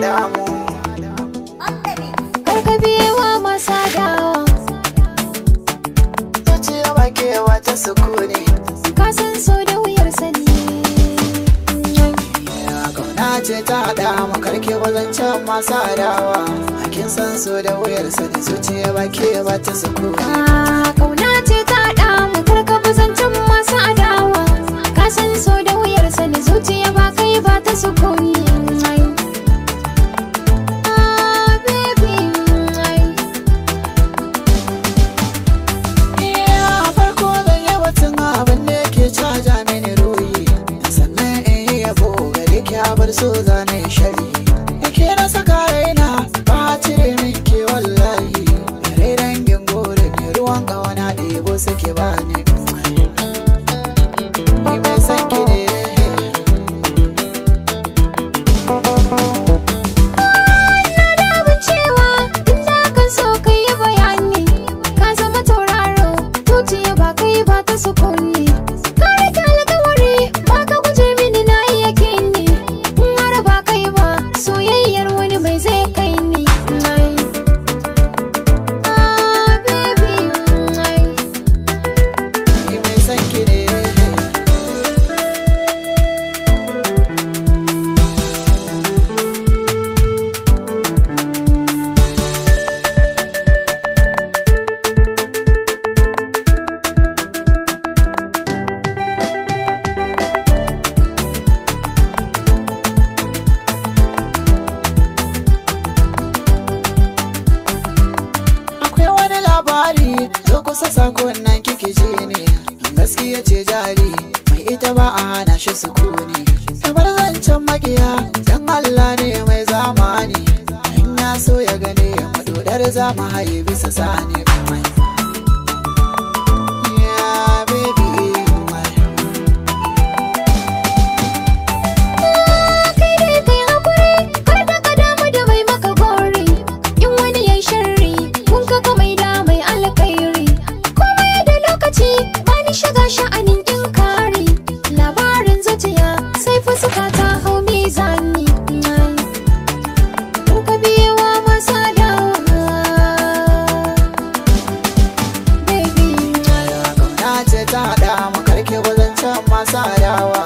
damu Kar ka biye wa masa dawa Zuciya ba kewa ta sukuni Ka san so da wuyar sani Kauna ce ta haɗa mu karke wazancen masa dawa Hakin san so da wuyar sani zuciya ba kewa ta sukuni ya bar so zane shari jari zo kusa sakon nan kike je ne gaskiya ce jari mai ita ba a hana shi sukuni kamar zancen makiya dan Allah ne mai zamani in ya so ya gane ya madodar zama haye bisa sani mai sarawa